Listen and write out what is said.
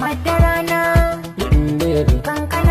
Madarana Kankana